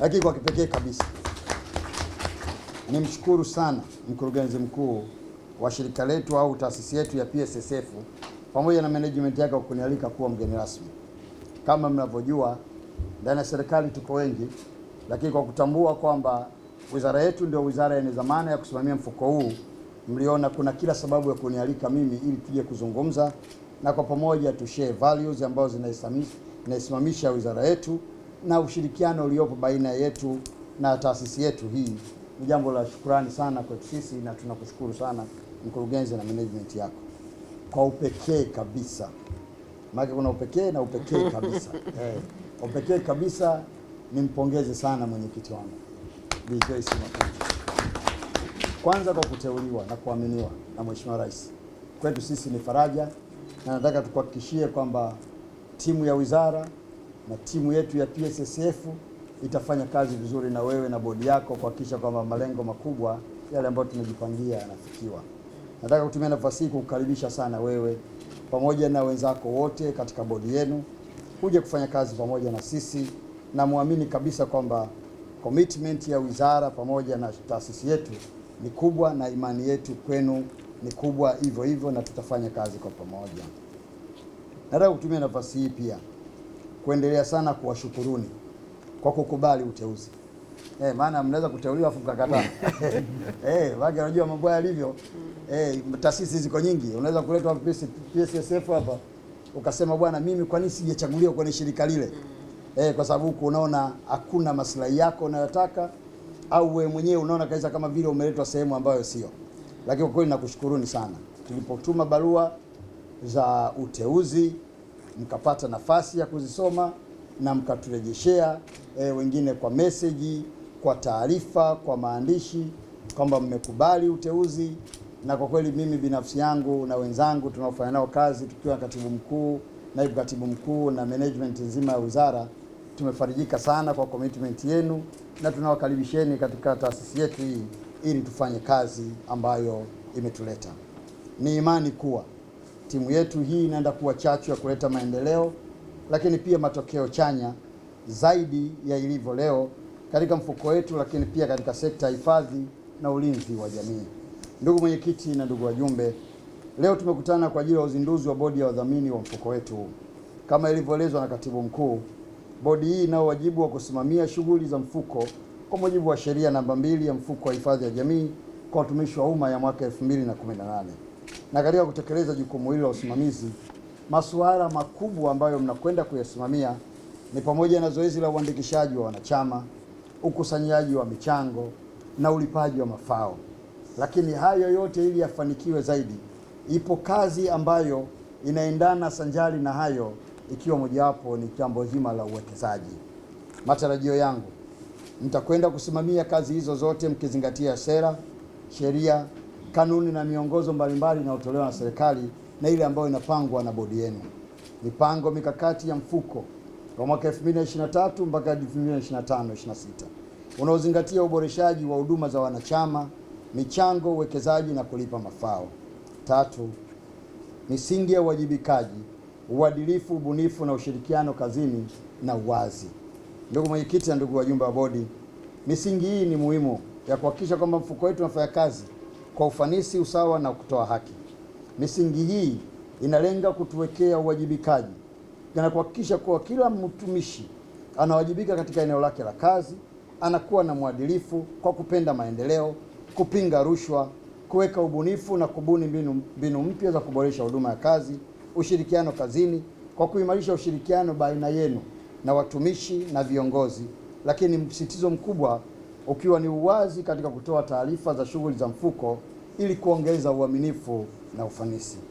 lakini kwa kipekee kabisa nimshukuru sana mkurugenzi mkuu wa shirika letu au taasisi yetu ya PSSF pamoja na management yake kwa kunialika kuwa mgeni rasmi. Kama mnavyojua, ndani ya serikali tuko wengi, lakini kwa kutambua kwamba wizara yetu ndio wizara yenye dhamana ya kusimamia mfuko huu, mliona kuna kila sababu ya kunialika mimi ili tuje kuzungumza na kwa pamoja tushare values ambazo zinaisimamisha wizara yetu na ushirikiano uliopo baina yetu na taasisi yetu hii ni jambo la shukrani sana kwetu sisi, na tunakushukuru sana mkurugenzi na management yako kwa upekee kabisa, maana kuna upekee na upekee kabisa eh, upekee kabisa. Nimpongeze sana mwenyekiti wangu Bi Joyce kwanza kwa kuteuliwa na kuaminiwa na Mheshimiwa Rais. Kwetu sisi ni faraja, na nataka tukuhakikishie kwamba timu ya wizara na timu yetu ya PSSF itafanya kazi vizuri na wewe na bodi yako kuhakikisha kwamba malengo makubwa yale ambayo tumejipangia yanafikiwa. Nataka kutumia nafasi hii kukukaribisha sana wewe pamoja na wenzako wote katika bodi yenu kuja kufanya kazi pamoja na sisi, na muamini kabisa kwamba commitment ya wizara pamoja na taasisi yetu ni kubwa na imani yetu kwenu ni kubwa hivyo hivyo, na tutafanya kazi kwa pamoja. Nataka kutumia nafasi hii pia kuendelea sana kuwashukuruni kwa kukubali uteuzi eh, maana mnaweza kuteuliwa afu mkakataa eh, wage anajua mambo yalivyo eh, taasisi ziko nyingi, unaweza kuletwa PSSF hapa ukasema bwana, mimi kwa nini sijachaguliwa kwenye shirika lile? Mm. Eh, kwa sababu huku unaona hakuna maslahi yako unayotaka au wewe mwenyewe unaona kabisa kama vile umeletwa sehemu ambayo sio. Lakini kwa kweli nakushukuruni sana, tulipotuma barua za uteuzi mkapata nafasi ya kuzisoma na mkaturejeshea e, wengine kwa meseji, kwa taarifa, kwa maandishi kwamba mmekubali uteuzi. Na kwa kweli mimi binafsi yangu na wenzangu tunaofanya nao kazi tukiwa katibu mkuu, naibu katibu mkuu na management nzima ya wizara tumefarijika sana kwa commitment yenu na tunawakaribisheni katika taasisi yetu hii ili tufanye kazi ambayo imetuleta. Ni imani kuwa timu yetu hii inaenda kuwa chachu ya kuleta maendeleo, lakini pia matokeo chanya zaidi ya ilivyo leo katika mfuko wetu, lakini pia katika sekta ya hifadhi na ulinzi wa jamii. Ndugu mwenyekiti na ndugu wajumbe, leo tumekutana kwa ajili ya uzinduzi wa bodi ya wadhamini wa mfuko wetu Kama ilivyoelezwa na katibu mkuu, bodi hii inao wajibu wa kusimamia shughuli za mfuko kwa mujibu wa sheria namba mbili ya mfuko wa hifadhi ya jamii kwa watumishi wa umma ya mwaka 2018 na katika kutekeleza jukumu hilo la usimamizi, masuala makubwa ambayo mnakwenda kuyasimamia ni pamoja na zoezi la uandikishaji wa wanachama, ukusanyaji wa michango na ulipaji wa mafao. Lakini hayo yote ili yafanikiwe zaidi, ipo kazi ambayo inaendana sanjari na hayo, ikiwa mojawapo ni jambo zima la uwekezaji. Matarajio yangu mtakwenda kusimamia kazi hizo zote mkizingatia sera, sheria kanuni na miongozo mbalimbali inayotolewa na serikali na ile ambayo inapangwa na bodi yenu. Mipango mikakati ya mfuko wa mwaka 2023 mpaka 2025 26 unaozingatia uboreshaji wa huduma za wanachama, michango, uwekezaji na kulipa mafao. Tatu, misingi ya uwajibikaji, uadilifu, ubunifu na ushirikiano kazini na uwazi. Ndugu mwenyekiti na ndugu wajumbe wa bodi, misingi hii ni muhimu ya kuhakikisha kwamba mfuko wetu unafanya kazi kwa ufanisi, usawa na kutoa haki. Misingi hii inalenga kutuwekea uwajibikaji na kuhakikisha kuwa kila mtumishi anawajibika katika eneo lake la kazi, anakuwa na mwadilifu kwa kupenda maendeleo, kupinga rushwa, kuweka ubunifu na kubuni mbinu mpya za kuboresha huduma ya kazi, ushirikiano kazini kwa kuimarisha ushirikiano baina yenu na watumishi na viongozi, lakini msitizo mkubwa ukiwa ni uwazi katika kutoa taarifa za shughuli za mfuko ili kuongeza uaminifu na ufanisi.